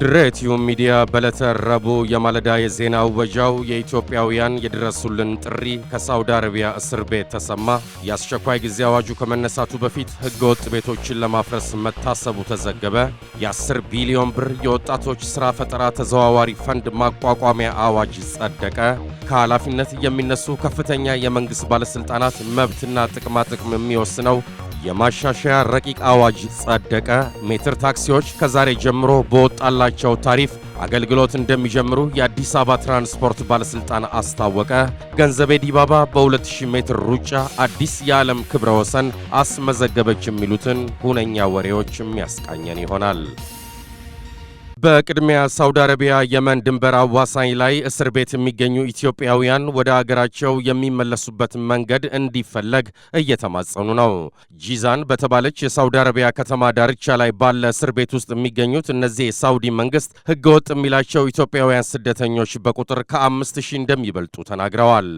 ድሬትዩ ሚዲያ በዕለተ ረቡዕ የማለዳ የዜና ወጃው የኢትዮጵያውያን የድረሱልን ጥሪ፣ ከሳውዲ አረቢያ እስር ቤት ተሰማ፣ የአስቸኳይ ጊዜ አዋጁ ከመነሳቱ በፊት ሕገወጥ ቤቶችን ለማፍረስ መታሰቡ ተዘገበ፣ የ10 ቢሊዮን ብር የወጣቶች ሥራ ፈጠራ ተዘዋዋሪ ፈንድ ማቋቋሚያ አዋጅ ጸደቀ፣ ከኃላፊነት የሚነሱ ከፍተኛ የመንግሥት ባለሥልጣናት መብትና ጥቅማጥቅም የሚወስነው የማሻሻያ ረቂቅ አዋጅ ጸደቀ። ሜትር ታክሲዎች ከዛሬ ጀምሮ በወጣላቸው ታሪፍ አገልግሎት እንደሚጀምሩ የአዲስ አበባ ትራንስፖርት ባለሥልጣን አስታወቀ። ገንዘቤ ዲባባ በ2000 ሜትር ሩጫ አዲስ የዓለም ክብረ ወሰን አስመዘገበች። የሚሉትን ሁነኛ ወሬዎች የሚያስቃኘን ይሆናል። በቅድሚያ ሳውዲ አረቢያ የመን ድንበር አዋሳኝ ላይ እስር ቤት የሚገኙ ኢትዮጵያውያን ወደ አገራቸው የሚመለሱበት መንገድ እንዲፈለግ እየተማጸኑ ነው። ጂዛን በተባለች የሳውዲ አረቢያ ከተማ ዳርቻ ላይ ባለ እስር ቤት ውስጥ የሚገኙት እነዚህ የሳውዲ መንግስት ህገወጥ የሚላቸው ኢትዮጵያውያን ስደተኞች በቁጥር ከአምስት ሺህ እንደሚበልጡ ተናግረዋል።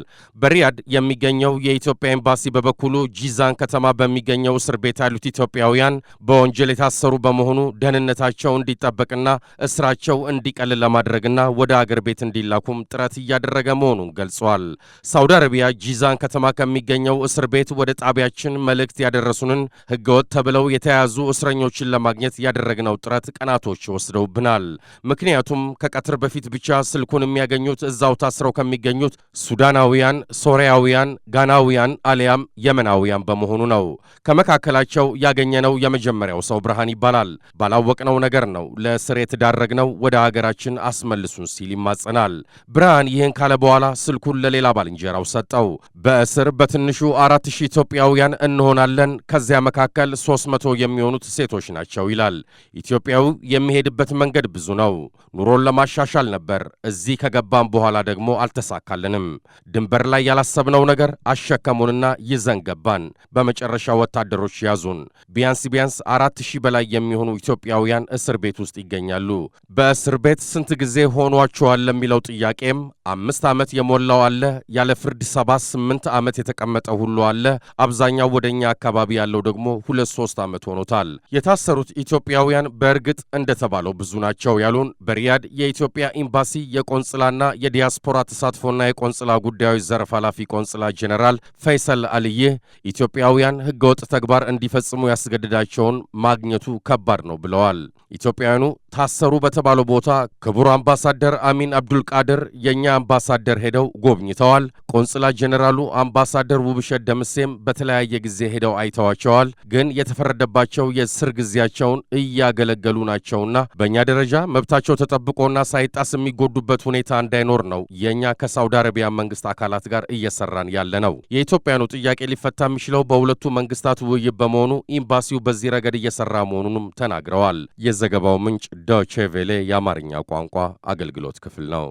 በሪያድ የሚገኘው የኢትዮጵያ ኤምባሲ በበኩሉ ጂዛን ከተማ በሚገኘው እስር ቤት ያሉት ኢትዮጵያውያን በወንጀል የታሰሩ በመሆኑ ደህንነታቸው እንዲጠበቅና እስራቸው እንዲቀልል ለማድረግና ወደ አገር ቤት እንዲላኩም ጥረት እያደረገ መሆኑን ገልጿል። ሳውዲ አረቢያ ጂዛን ከተማ ከሚገኘው እስር ቤት ወደ ጣቢያችን መልእክት ያደረሱንን ህገወጥ ተብለው የተያዙ እስረኞችን ለማግኘት ያደረግነው ጥረት ቀናቶች ወስደውብናል። ምክንያቱም ከቀትር በፊት ብቻ ስልኩን የሚያገኙት እዛው ታስረው ከሚገኙት ሱዳናውያን፣ ሶሪያውያን፣ ጋናውያን አሊያም የመናውያን በመሆኑ ነው። ከመካከላቸው ያገኘነው የመጀመሪያው ሰው ብርሃን ይባላል። ባላወቅነው ነገር ነው ለእስር የተዳረግነው ወደ ሀገራችን አስመልሱን ሲል ይማጸናል። ብርሃን ይህን ካለ በኋላ ስልኩን ለሌላ ባልንጀራው ሰጠው። በእስር በትንሹ አራት ሺህ ኢትዮጵያውያን እንሆናለን፣ ከዚያ መካከል ሦስት መቶ የሚሆኑት ሴቶች ናቸው ይላል። ኢትዮጵያው የሚሄድበት መንገድ ብዙ ነው። ኑሮን ለማሻሻል ነበር። እዚህ ከገባም በኋላ ደግሞ አልተሳካልንም። ድንበር ላይ ያላሰብነው ነገር አሸከሙንና ይዘን ገባን። በመጨረሻ ወታደሮች ያዙን። ቢያንስ ቢያንስ አራት ሺህ በላይ የሚሆኑ ኢትዮጵያውያን እስር ቤት ውስጥ ይገኛሉ። ይላሉ። በእስር ቤት ስንት ጊዜ ሆኗቸዋል ለሚለው ጥያቄም አምስት ዓመት የሞላው አለ፣ ያለ ፍርድ ሰባት ስምንት ዓመት የተቀመጠ ሁሉ አለ። አብዛኛው ወደኛ አካባቢ ያለው ደግሞ ሁለት ሶስት ዓመት ሆኖታል። የታሰሩት ኢትዮጵያውያን በእርግጥ እንደተባለው ብዙ ናቸው ያሉን በሪያድ የኢትዮጵያ ኤምባሲ የቆንጽላና የዲያስፖራ ተሳትፎና የቆንጽላ ጉዳዮች ዘርፍ ኃላፊ ቆንጽላ ጄኔራል ፈይሰል አልይህ ኢትዮጵያውያን ህገወጥ ተግባር እንዲፈጽሙ ያስገድዳቸውን ማግኘቱ ከባድ ነው ብለዋል። ኢትዮጵያውያኑ ታሰሩ በተባለው ቦታ ክቡር አምባሳደር አሚን አብዱልቃድር የእኛ አምባሳደር ሄደው ጎብኝተዋል። ቆንጽላ ጄኔራሉ አምባሳደር ውብሸት ደምሴም በተለያየ ጊዜ ሄደው አይተዋቸዋል። ግን የተፈረደባቸው የእስር ጊዜያቸውን እያገለገሉ ናቸውና በእኛ ደረጃ መብታቸው ተጠብቆና ሳይጣስ የሚጎዱበት ሁኔታ እንዳይኖር ነው የእኛ ከሳውዲ አረቢያ መንግስት አካላት ጋር እየሰራን ያለ ነው። የኢትዮጵያኑ ጥያቄ ሊፈታ የሚችለው በሁለቱ መንግስታት ውይይት በመሆኑ ኤምባሲው በዚህ ረገድ እየሰራ መሆኑንም ተናግረዋል። የዘገባው ምንጭ ዶቼቬሌ የአማርኛ ቋንቋ አገልግሎት ክፍል ነው።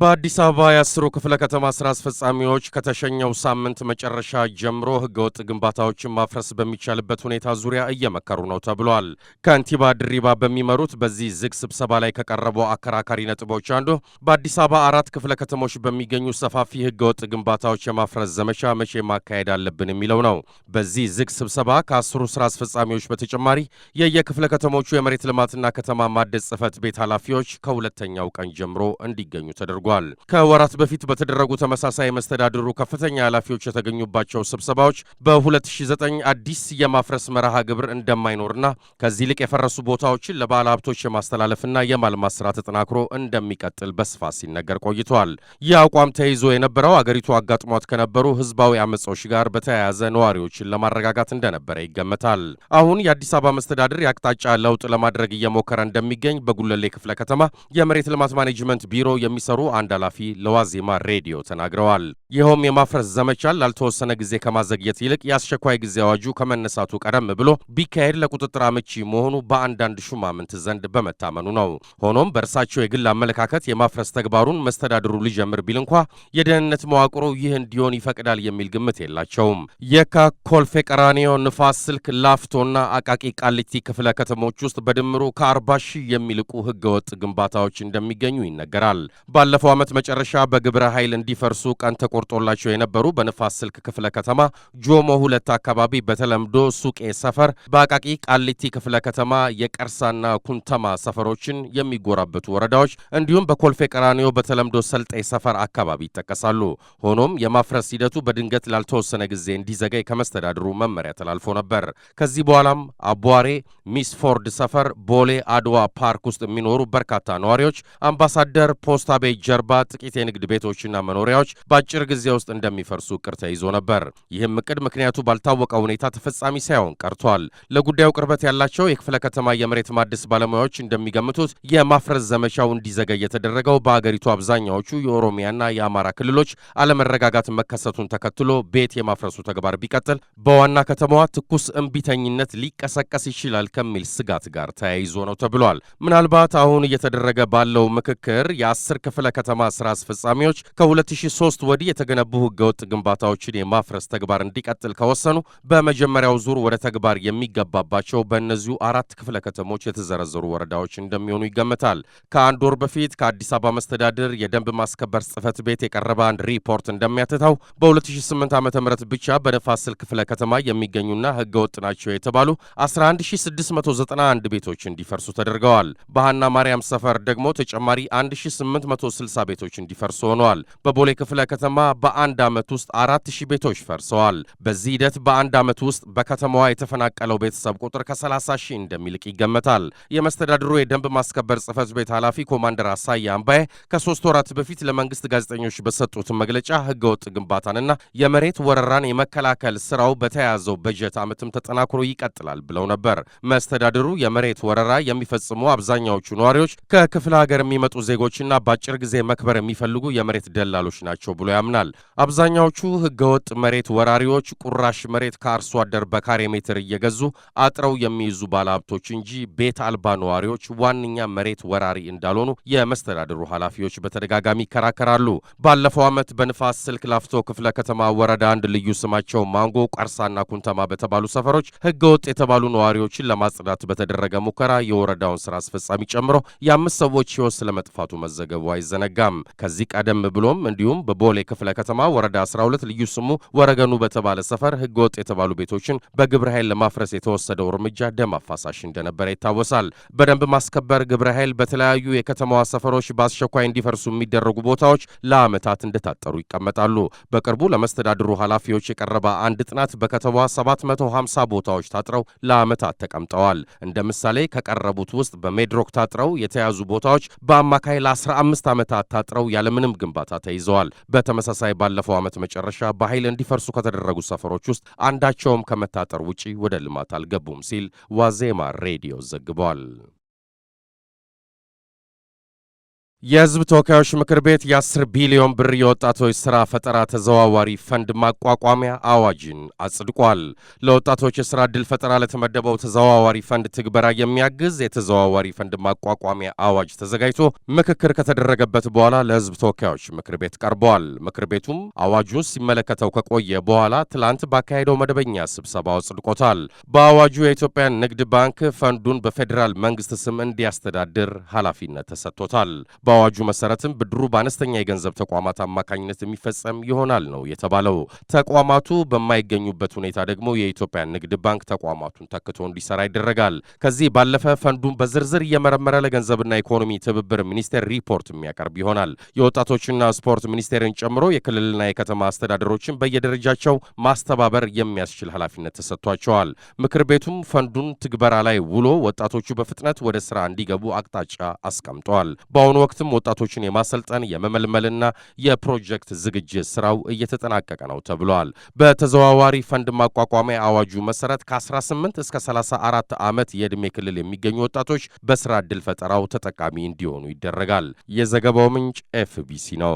በአዲስ አበባ የአስሩ ክፍለ ከተማ ስራ አስፈጻሚዎች ከተሸኘው ሳምንት መጨረሻ ጀምሮ ህገወጥ ግንባታዎችን ማፍረስ በሚቻልበት ሁኔታ ዙሪያ እየመከሩ ነው ተብሏል። ከንቲባ ድሪባ በሚመሩት በዚህ ዝግ ስብሰባ ላይ ከቀረቡ አከራካሪ ነጥቦች አንዱ በአዲስ አበባ አራት ክፍለ ከተሞች በሚገኙ ሰፋፊ ህገወጥ ግንባታዎች የማፍረስ ዘመቻ መቼ ማካሄድ አለብን የሚለው ነው። በዚህ ዝግ ስብሰባ ከአስሩ ስራ አስፈጻሚዎች በተጨማሪ የየክፍለ ከተሞቹ የመሬት ልማትና ከተማ ማደስ ጽህፈት ቤት ኃላፊዎች ከሁለተኛው ቀን ጀምሮ እንዲገኙ ተደርጓል። አድርጓል። ከወራት በፊት በተደረጉ ተመሳሳይ መስተዳድሩ ከፍተኛ ኃላፊዎች የተገኙባቸው ስብሰባዎች በ2009 አዲስ የማፍረስ መርሃ ግብር እንደማይኖርና ከዚህ ይልቅ የፈረሱ ቦታዎችን ለባለ ሀብቶች የማስተላለፍና የማልማት ስራ ተጠናክሮ እንደሚቀጥል በስፋት ሲነገር ቆይተዋል። ይህ አቋም ተይዞ የነበረው አገሪቱ አጋጥሟት ከነበሩ ህዝባዊ አመፃዎች ጋር በተያያዘ ነዋሪዎችን ለማረጋጋት እንደነበረ ይገመታል። አሁን የአዲስ አበባ መስተዳድር የአቅጣጫ ለውጥ ለማድረግ እየሞከረ እንደሚገኝ በጉለሌ ክፍለ ከተማ የመሬት ልማት ማኔጅመንት ቢሮ የሚሰሩ አንድ ኃላፊ ለዋዜማ ሬዲዮ ተናግረዋል። ይኸውም የማፍረስ ዘመቻን ላልተወሰነ ጊዜ ከማዘግየት ይልቅ የአስቸኳይ ጊዜ አዋጁ ከመነሳቱ ቀደም ብሎ ቢካሄድ ለቁጥጥር አመቺ መሆኑ በአንዳንድ ሹማምንት ዘንድ በመታመኑ ነው። ሆኖም በእርሳቸው የግል አመለካከት የማፍረስ ተግባሩን መስተዳድሩ ሊጀምር ቢል እንኳ የደህንነት መዋቅሩ ይህ እንዲሆን ይፈቅዳል የሚል ግምት የላቸውም። የካ፣ ኮልፌ ቀራኒዮ፣ ንፋስ ስልክ፣ ላፍቶና አቃቂ ቃሊቲ ክፍለ ከተሞች ውስጥ በድምሩ ከ ሺህ የሚልቁ ህገወጥ ግንባታዎች እንደሚገኙ ይነገራል። ባለፈው ዓመት መጨረሻ በግብረ ኃይል እንዲፈርሱ ቀን ተቆርጦላቸው የነበሩ በንፋስ ስልክ ክፍለ ከተማ ጆሞ ሁለት አካባቢ በተለምዶ ሱቄ ሰፈር፣ በአቃቂ ቃሊቲ ክፍለ ከተማ የቀርሳና ኩንተማ ሰፈሮችን የሚጎራበቱ ወረዳዎች እንዲሁም በኮልፌ ቀራኒዮ በተለምዶ ሰልጤ ሰፈር አካባቢ ይጠቀሳሉ። ሆኖም የማፍረስ ሂደቱ በድንገት ላልተወሰነ ጊዜ እንዲዘገይ ከመስተዳድሩ መመሪያ ተላልፎ ነበር። ከዚህ በኋላም አቧሬ ሚስፎርድ ሰፈር ቦሌ አድዋ ፓርክ ውስጥ የሚኖሩ በርካታ ነዋሪዎች አምባሳደር ፖስታ ቤት ጀርባ ጥቂት የንግድ ቤቶችና መኖሪያዎች በአጭር በአጭር ጊዜ ውስጥ እንደሚፈርሱ እቅድ ተይዞ ነበር። ይህም እቅድ ምክንያቱ ባልታወቀ ሁኔታ ተፈጻሚ ሳይሆን ቀርቷል። ለጉዳዩ ቅርበት ያላቸው የክፍለ ከተማ የመሬት ማደስ ባለሙያዎች እንደሚገምቱት የማፍረስ ዘመቻው እንዲዘገይ የተደረገው በአገሪቱ አብዛኛዎቹ የኦሮሚያና የአማራ ክልሎች አለመረጋጋት መከሰቱን ተከትሎ ቤት የማፍረሱ ተግባር ቢቀጥል በዋና ከተማዋ ትኩስ እምቢተኝነት ሊቀሰቀስ ይችላል ከሚል ስጋት ጋር ተያይዞ ነው ተብሏል። ምናልባት አሁን እየተደረገ ባለው ምክክር የአስር ክፍለ ከተማ ስራ አስፈጻሚዎች ከ2003 ወዲህ የተገነቡ ህገወጥ ግንባታዎችን የማፍረስ ተግባር እንዲቀጥል ከወሰኑ በመጀመሪያው ዙር ወደ ተግባር የሚገባባቸው በእነዚሁ አራት ክፍለ ከተሞች የተዘረዘሩ ወረዳዎች እንደሚሆኑ ይገመታል። ከአንድ ወር በፊት ከአዲስ አበባ መስተዳድር የደንብ ማስከበር ጽህፈት ቤት የቀረበ አንድ ሪፖርት እንደሚያትታው በ2008 ዓ ም ብቻ በነፋስ ስልክ ክፍለ ከተማ የሚገኙና ህገወጥ ናቸው የተባሉ 11691 ቤቶች እንዲፈርሱ ተደርገዋል። በሃና ማርያም ሰፈር ደግሞ ተጨማሪ 1860 ቤቶች እንዲፈርሱ ሆነዋል። በቦሌ ክፍለ ከተማ በአንድ ዓመት ውስጥ አራት ሺህ ቤቶች ፈርሰዋል። በዚህ ሂደት በአንድ ዓመት ውስጥ በከተማዋ የተፈናቀለው ቤተሰብ ቁጥር ከ30 ሺህ እንደሚልቅ ይገመታል። የመስተዳድሩ የደንብ ማስከበር ጽህፈት ቤት ኃላፊ ኮማንደር አሳያ አምባዬ ከሶስት ወራት በፊት ለመንግስት ጋዜጠኞች በሰጡት መግለጫ ህገወጥ ግንባታንና የመሬት ወረራን የመከላከል ስራው በተያያዘው በጀት ዓመትም ተጠናክሮ ይቀጥላል ብለው ነበር። መስተዳድሩ የመሬት ወረራ የሚፈጽሙ አብዛኛዎቹ ነዋሪዎች ከክፍለ ሀገር የሚመጡ ዜጎችና በአጭር ጊዜ መክበር የሚፈልጉ የመሬት ደላሎች ናቸው ብሎ ያምናል። ይሆናል። አብዛኛዎቹ ህገወጥ መሬት ወራሪዎች ቁራሽ መሬት ከአርሶ አደር በካሬ ሜትር እየገዙ አጥረው የሚይዙ ባለሀብቶች እንጂ ቤት አልባ ነዋሪዎች ዋነኛ መሬት ወራሪ እንዳልሆኑ የመስተዳድሩ ኃላፊዎች በተደጋጋሚ ይከራከራሉ። ባለፈው ዓመት በንፋስ ስልክ ላፍቶ ክፍለ ከተማ ወረዳ አንድ ልዩ ስማቸው ማንጎ፣ ቀርሳና ኩንተማ በተባሉ ሰፈሮች ህገወጥ የተባሉ ነዋሪዎችን ለማጽዳት በተደረገ ሙከራ የወረዳውን ስራ አስፈጻሚ ጨምሮ የአምስት ሰዎች ህይወት ስለመጥፋቱ መዘገቡ አይዘነጋም። ከዚህ ቀደም ብሎም እንዲሁም በቦሌ ክፍለ ክፍለ ከተማ ወረዳ 12 ልዩ ስሙ ወረገኑ በተባለ ሰፈር ህገወጥ የተባሉ ቤቶችን በግብረ ኃይል ለማፍረስ የተወሰደው እርምጃ ደም አፋሳሽ እንደነበረ ይታወሳል። በደንብ ማስከበር ግብረ ኃይል በተለያዩ የከተማዋ ሰፈሮች በአስቸኳይ እንዲፈርሱ የሚደረጉ ቦታዎች ለዓመታት እንደታጠሩ ይቀመጣሉ። በቅርቡ ለመስተዳድሩ ኃላፊዎች የቀረበ አንድ ጥናት በከተማዋ 750 ቦታዎች ታጥረው ለዓመታት ተቀምጠዋል። እንደ ምሳሌ ከቀረቡት ውስጥ በሜድሮክ ታጥረው የተያዙ ቦታዎች በአማካይ ለ15 ዓመታት ታጥረው ያለምንም ግንባታ ተይዘዋል። በተመሳሳይ በተመሳሳይ ባለፈው ዓመት መጨረሻ በኃይል እንዲፈርሱ ከተደረጉ ሰፈሮች ውስጥ አንዳቸውም ከመታጠር ውጪ ወደ ልማት አልገቡም ሲል ዋዜማ ሬዲዮ ዘግቧል። የህዝብ ተወካዮች ምክር ቤት የ10 ቢሊዮን ብር የወጣቶች ስራ ፈጠራ ተዘዋዋሪ ፈንድ ማቋቋሚያ አዋጅን አጽድቋል። ለወጣቶች የስራ እድል ፈጠራ ለተመደበው ተዘዋዋሪ ፈንድ ትግበራ የሚያግዝ የተዘዋዋሪ ፈንድ ማቋቋሚያ አዋጅ ተዘጋጅቶ ምክክር ከተደረገበት በኋላ ለህዝብ ተወካዮች ምክር ቤት ቀርቧል። ምክር ቤቱም አዋጁን ሲመለከተው ከቆየ በኋላ ትላንት ባካሄደው መደበኛ ስብሰባው አጽድቆታል። በአዋጁ የኢትዮጵያ ንግድ ባንክ ፈንዱን በፌዴራል መንግስት ስም እንዲያስተዳድር ኃላፊነት ተሰጥቶታል። በአዋጁ መሰረትም ብድሩ በአነስተኛ የገንዘብ ተቋማት አማካኝነት የሚፈጸም ይሆናል ነው የተባለው። ተቋማቱ በማይገኙበት ሁኔታ ደግሞ የኢትዮጵያ ንግድ ባንክ ተቋማቱን ተክቶ እንዲሰራ ይደረጋል። ከዚህ ባለፈ ፈንዱን በዝርዝር እየመረመረ ለገንዘብና ኢኮኖሚ ትብብር ሚኒስቴር ሪፖርት የሚያቀርብ ይሆናል። የወጣቶችና ስፖርት ሚኒስቴርን ጨምሮ የክልልና የከተማ አስተዳደሮችን በየደረጃቸው ማስተባበር የሚያስችል ኃላፊነት ተሰጥቷቸዋል። ምክር ቤቱም ፈንዱን ትግበራ ላይ ውሎ ወጣቶቹ በፍጥነት ወደ ስራ እንዲገቡ አቅጣጫ አስቀምጠዋል። በአሁኑ ወቅት በሂደትም ወጣቶችን የማሰልጠን የመመልመልና የፕሮጀክት ዝግጅት ስራው እየተጠናቀቀ ነው ተብሏል። በተዘዋዋሪ ፈንድ ማቋቋሚያ አዋጁ መሰረት ከ18 እስከ 34 ዓመት የዕድሜ ክልል የሚገኙ ወጣቶች በስራ ዕድል ፈጠራው ተጠቃሚ እንዲሆኑ ይደረጋል። የዘገባው ምንጭ ኤፍቢሲ ነው።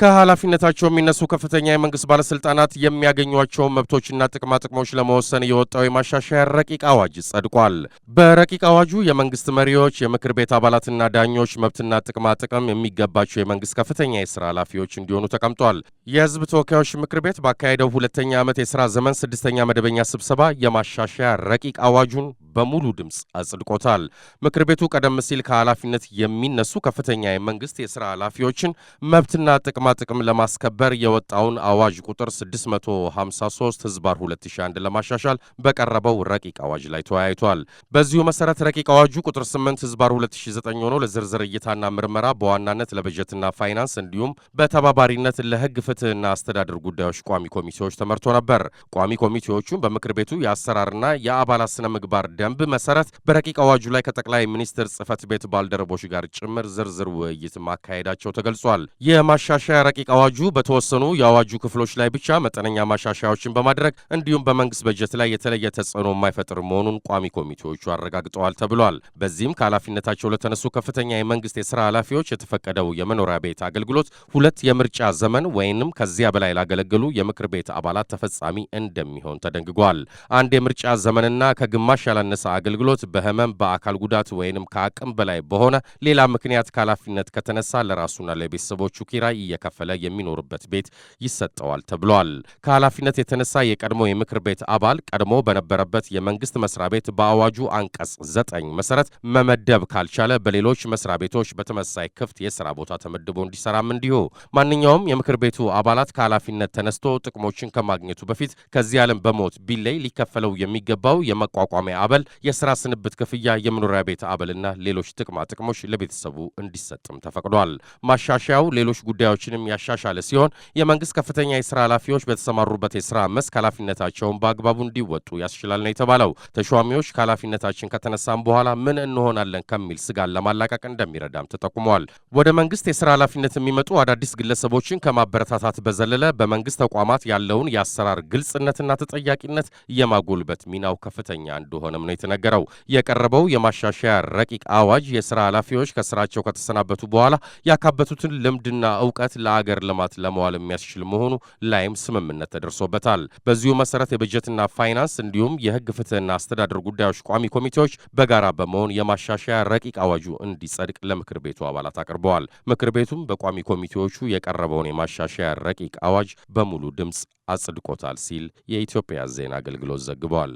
ከኃላፊነታቸው የሚነሱ ከፍተኛ የመንግስት ባለስልጣናት የሚያገኟቸውን መብቶችና ጥቅማጥቅሞች ለመወሰን የወጣው የማሻሻያ ረቂቅ አዋጅ ጸድቋል። በረቂቅ አዋጁ የመንግስት መሪዎች፣ የምክር ቤት አባላትና ዳኞች መብትና ጥቅማጥቅም የሚገባቸው የመንግስት ከፍተኛ የስራ ኃላፊዎች እንዲሆኑ ተቀምጧል። የህዝብ ተወካዮች ምክር ቤት ባካሄደው ሁለተኛ ዓመት የስራ ዘመን ስድስተኛ መደበኛ ስብሰባ የማሻሻያ ረቂቅ አዋጁን በሙሉ ድምፅ አጽድቆታል። ምክር ቤቱ ቀደም ሲል ከኃላፊነት የሚነሱ ከፍተኛ የመንግስት የስራ ኃላፊዎችን መብትና ጥቅማ የከተማ ጥቅም ለማስከበር የወጣውን አዋጅ ቁጥር 653 ህዝባር 2001 ለማሻሻል በቀረበው ረቂቅ አዋጅ ላይ ተወያይቷል። በዚሁ መሰረት ረቂቅ አዋጁ ቁጥር 8 ህዝባር 2009 ሆኖ ለዝርዝር እይታና ምርመራ በዋናነት ለበጀትና ፋይናንስ እንዲሁም በተባባሪነት ለህግ ፍትህና አስተዳደር ጉዳዮች ቋሚ ኮሚቴዎች ተመርቶ ነበር። ቋሚ ኮሚቴዎቹም በምክር ቤቱ የአሰራርና የአባላት ስነ ምግባር ደንብ መሰረት በረቂቅ አዋጁ ላይ ከጠቅላይ ሚኒስትር ጽህፈት ቤት ባልደረቦች ጋር ጭምር ዝርዝር ውይይት ማካሄዳቸው ተገልጿል። የማሻሻያ ማሻሻያ ረቂቅ አዋጁ በተወሰኑ የአዋጁ ክፍሎች ላይ ብቻ መጠነኛ ማሻሻያዎችን በማድረግ እንዲሁም በመንግስት በጀት ላይ የተለየ ተጽዕኖ የማይፈጥር መሆኑን ቋሚ ኮሚቴዎቹ አረጋግጠዋል ተብሏል። በዚህም ከኃላፊነታቸው ለተነሱ ከፍተኛ የመንግስት የስራ ኃላፊዎች የተፈቀደው የመኖሪያ ቤት አገልግሎት ሁለት የምርጫ ዘመን ወይንም ከዚያ በላይ ላገለገሉ የምክር ቤት አባላት ተፈጻሚ እንደሚሆን ተደንግጓል። አንድ የምርጫ ዘመንና ከግማሽ ያላነሰ አገልግሎት በህመም፣ በአካል ጉዳት ወይንም ከአቅም በላይ በሆነ ሌላ ምክንያት ከኃላፊነት ከተነሳ ለራሱና ለቤተሰቦቹ ኪራይ እየከ እየከፈለ የሚኖርበት ቤት ይሰጠዋል ተብሏል። ከኃላፊነት የተነሳ የቀድሞ የምክር ቤት አባል ቀድሞ በነበረበት የመንግስት መስሪያ ቤት በአዋጁ አንቀጽ ዘጠኝ መሰረት መመደብ ካልቻለ በሌሎች መስሪያ ቤቶች በተመሳይ ክፍት የስራ ቦታ ተመድቦ እንዲሰራም እንዲሁ ማንኛውም የምክር ቤቱ አባላት ከኃላፊነት ተነስቶ ጥቅሞችን ከማግኘቱ በፊት ከዚህ ዓለም በሞት ቢለይ ሊከፈለው የሚገባው የመቋቋሚያ አበል፣ የስራ ስንብት ክፍያ፣ የመኖሪያ ቤት አበልና ሌሎች ጥቅማ ጥቅሞች ለቤተሰቡ እንዲሰጥም ተፈቅዷል። ማሻሻያው ሌሎች ጉዳዮችን አሰራርንም ያሻሻለ ሲሆን የመንግስት ከፍተኛ የስራ ኃላፊዎች በተሰማሩበት የስራ መስክ ኃላፊነታቸውን በአግባቡ እንዲወጡ ያስችላል ነው የተባለው። ተሿሚዎች ከኃላፊነታችን ከተነሳም በኋላ ምን እንሆናለን ከሚል ስጋን ለማላቀቅ እንደሚረዳም ተጠቁመዋል። ወደ መንግስት የስራ ኃላፊነት የሚመጡ አዳዲስ ግለሰቦችን ከማበረታታት በዘለለ በመንግስት ተቋማት ያለውን የአሰራር ግልጽነትና ተጠያቂነት የማጎልበት ሚናው ከፍተኛ እንደሆነም ነው የተነገረው። የቀረበው የማሻሻያ ረቂቅ አዋጅ የስራ ኃላፊዎች ከስራቸው ከተሰናበቱ በኋላ ያካበቱትን ልምድና እውቀት ለአገር ልማት ለመዋል የሚያስችል መሆኑ ላይም ስምምነት ተደርሶበታል። በዚሁ መሰረት የበጀትና ፋይናንስ እንዲሁም የህግ ፍትህና አስተዳደር ጉዳዮች ቋሚ ኮሚቴዎች በጋራ በመሆን የማሻሻያ ረቂቅ አዋጁ እንዲጸድቅ ለምክር ቤቱ አባላት አቅርበዋል። ምክር ቤቱም በቋሚ ኮሚቴዎቹ የቀረበውን የማሻሻያ ረቂቅ አዋጅ በሙሉ ድምፅ አጽድቆታል ሲል የኢትዮጵያ ዜና አገልግሎት ዘግቧል።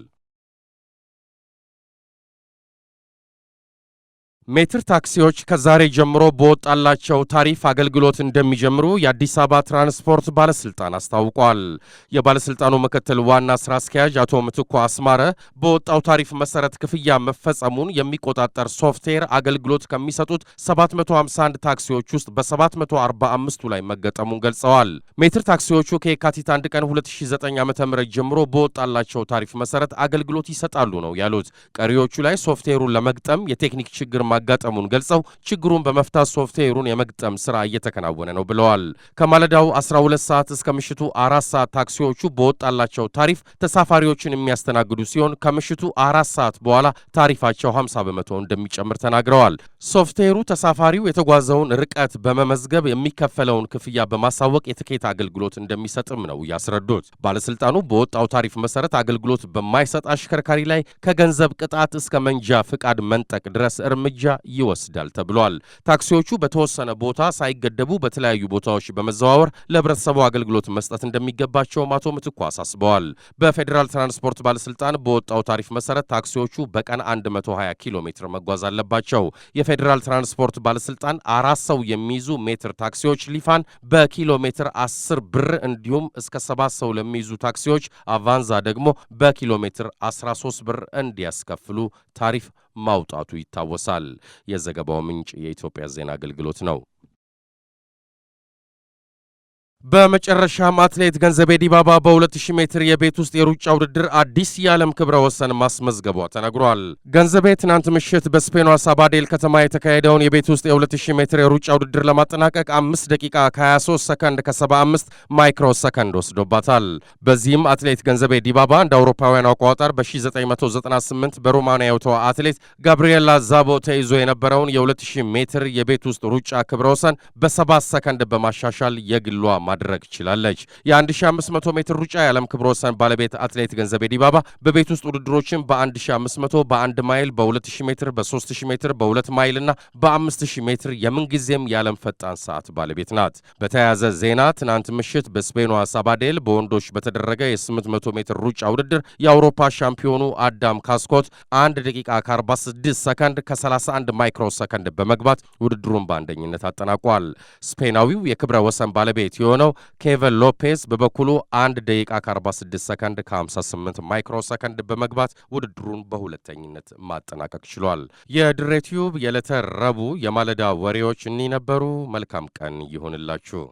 ሜትር ታክሲዎች ከዛሬ ጀምሮ በወጣላቸው ታሪፍ አገልግሎት እንደሚጀምሩ የአዲስ አበባ ትራንስፖርት ባለስልጣን አስታውቋል። የባለስልጣኑ ምክትል ዋና ስራ አስኪያጅ አቶ ምትኩ አስማረ በወጣው ታሪፍ መሰረት ክፍያ መፈጸሙን የሚቆጣጠር ሶፍትዌር አገልግሎት ከሚሰጡት 751 ታክሲዎች ውስጥ በ745ቱ ላይ መገጠሙን ገልጸዋል። ሜትር ታክሲዎቹ ከየካቲት 1 ቀን 2009 ዓ.ም ጀምሮ በወጣላቸው ታሪፍ መሰረት አገልግሎት ይሰጣሉ ነው ያሉት። ቀሪዎቹ ላይ ሶፍትዌሩን ለመግጠም የቴክኒክ ችግር ማጋጠሙን ገልጸው ችግሩን በመፍታት ሶፍትዌሩን የመግጠም ስራ እየተከናወነ ነው ብለዋል። ከማለዳው 12 ሰዓት እስከ ምሽቱ አራት ሰዓት ታክሲዎቹ በወጣላቸው ታሪፍ ተሳፋሪዎችን የሚያስተናግዱ ሲሆን ከምሽቱ አራት ሰዓት በኋላ ታሪፋቸው 50 በመቶ እንደሚጨምር ተናግረዋል። ሶፍትዌሩ ተሳፋሪው የተጓዘውን ርቀት በመመዝገብ የሚከፈለውን ክፍያ በማሳወቅ የትኬት አገልግሎት እንደሚሰጥም ነው ያስረዱት። ባለስልጣኑ በወጣው ታሪፍ መሰረት አገልግሎት በማይሰጥ አሽከርካሪ ላይ ከገንዘብ ቅጣት እስከ መንጃ ፍቃድ መንጠቅ ድረስ እርምጃ እርምጃ ይወስዳል ተብሏል። ታክሲዎቹ በተወሰነ ቦታ ሳይገደቡ በተለያዩ ቦታዎች በመዘዋወር ለህብረተሰቡ አገልግሎት መስጠት እንደሚገባቸውም አቶ ምትኩ አሳስበዋል። በፌዴራል ትራንስፖርት ባለስልጣን በወጣው ታሪፍ መሰረት ታክሲዎቹ በቀን 120 ኪሎ ሜትር መጓዝ አለባቸው። የፌዴራል ትራንስፖርት ባለስልጣን አራት ሰው የሚይዙ ሜትር ታክሲዎች ሊፋን በኪሎ ሜትር 10 ብር እንዲሁም እስከ ሰባት ሰው ለሚይዙ ታክሲዎች አቫንዛ ደግሞ በኪሎ ሜትር 13 ብር እንዲያስከፍሉ ታሪፍ ማውጣቱ ይታወሳል። የዘገባው ምንጭ የኢትዮጵያ ዜና አገልግሎት ነው። በመጨረሻም አትሌት ገንዘቤ ዲባባ በ2000 ሜትር የቤት ውስጥ የሩጫ ውድድር አዲስ የዓለም ክብረ ወሰን ማስመዝገቧ ተነግሯል። ገንዘቤ ትናንት ምሽት በስፔኗ ሳባዴል ከተማ የተካሄደውን የቤት ውስጥ የ2000 ሜትር የሩጫ ውድድር ለማጠናቀቅ 5 ደቂቃ ከ23 ሰከንድ ከ75 ማይክሮ ሰከንድ ወስዶባታል። በዚህም አትሌት ገንዘቤ ዲባባ እንደ አውሮፓውያን አቆጣጠር በ1998 በሮማንያዊቷ አትሌት ጋብሪኤላ ዛቦ ተይዞ የነበረውን የ2000 ሜትር የቤት ውስጥ ሩጫ ክብረ ወሰን በ7 ሰከንድ በማሻሻል የግሏ ማድረግ ችላለች። የ1500 ሜትር ሩጫ የዓለም ክብረ ወሰን ባለቤት አትሌት ገንዘቤ ዲባባ በቤት ውስጥ ውድድሮችን በ1500 በ1 ማይል በ2000 ሜትር በ3000 ሜትር በ2 ማይል እና በ5000 ሜትር የምንጊዜም የዓለም ፈጣን ሰዓት ባለቤት ናት። በተያያዘ ዜና ትናንት ምሽት በስፔኗ ሳባዴል በወንዶች በተደረገ የ800 ሜትር ሩጫ ውድድር የአውሮፓ ሻምፒዮኑ አዳም ካስኮት 1 ደቂቃ ከ46 ሰከንድ ከ31 ማይክሮ ሰከንድ በመግባት ውድድሩን በአንደኝነት አጠናቋል። ስፔናዊው የክብረ ወሰን ባለቤት የሆነ የሆነው ኬቨን ሎፔዝ በበኩሉ 1 ደቂቃ ከ46 ሰከንድ ከ58 ማይክሮ ሰከንድ በመግባት ውድድሩን በሁለተኝነት ማጠናቀቅ ችሏል። የድሬ ቲዩብ የዕለተ ረቡዕ የማለዳ ወሬዎች እኒ ነበሩ። መልካም ቀን ይሁንላችሁ።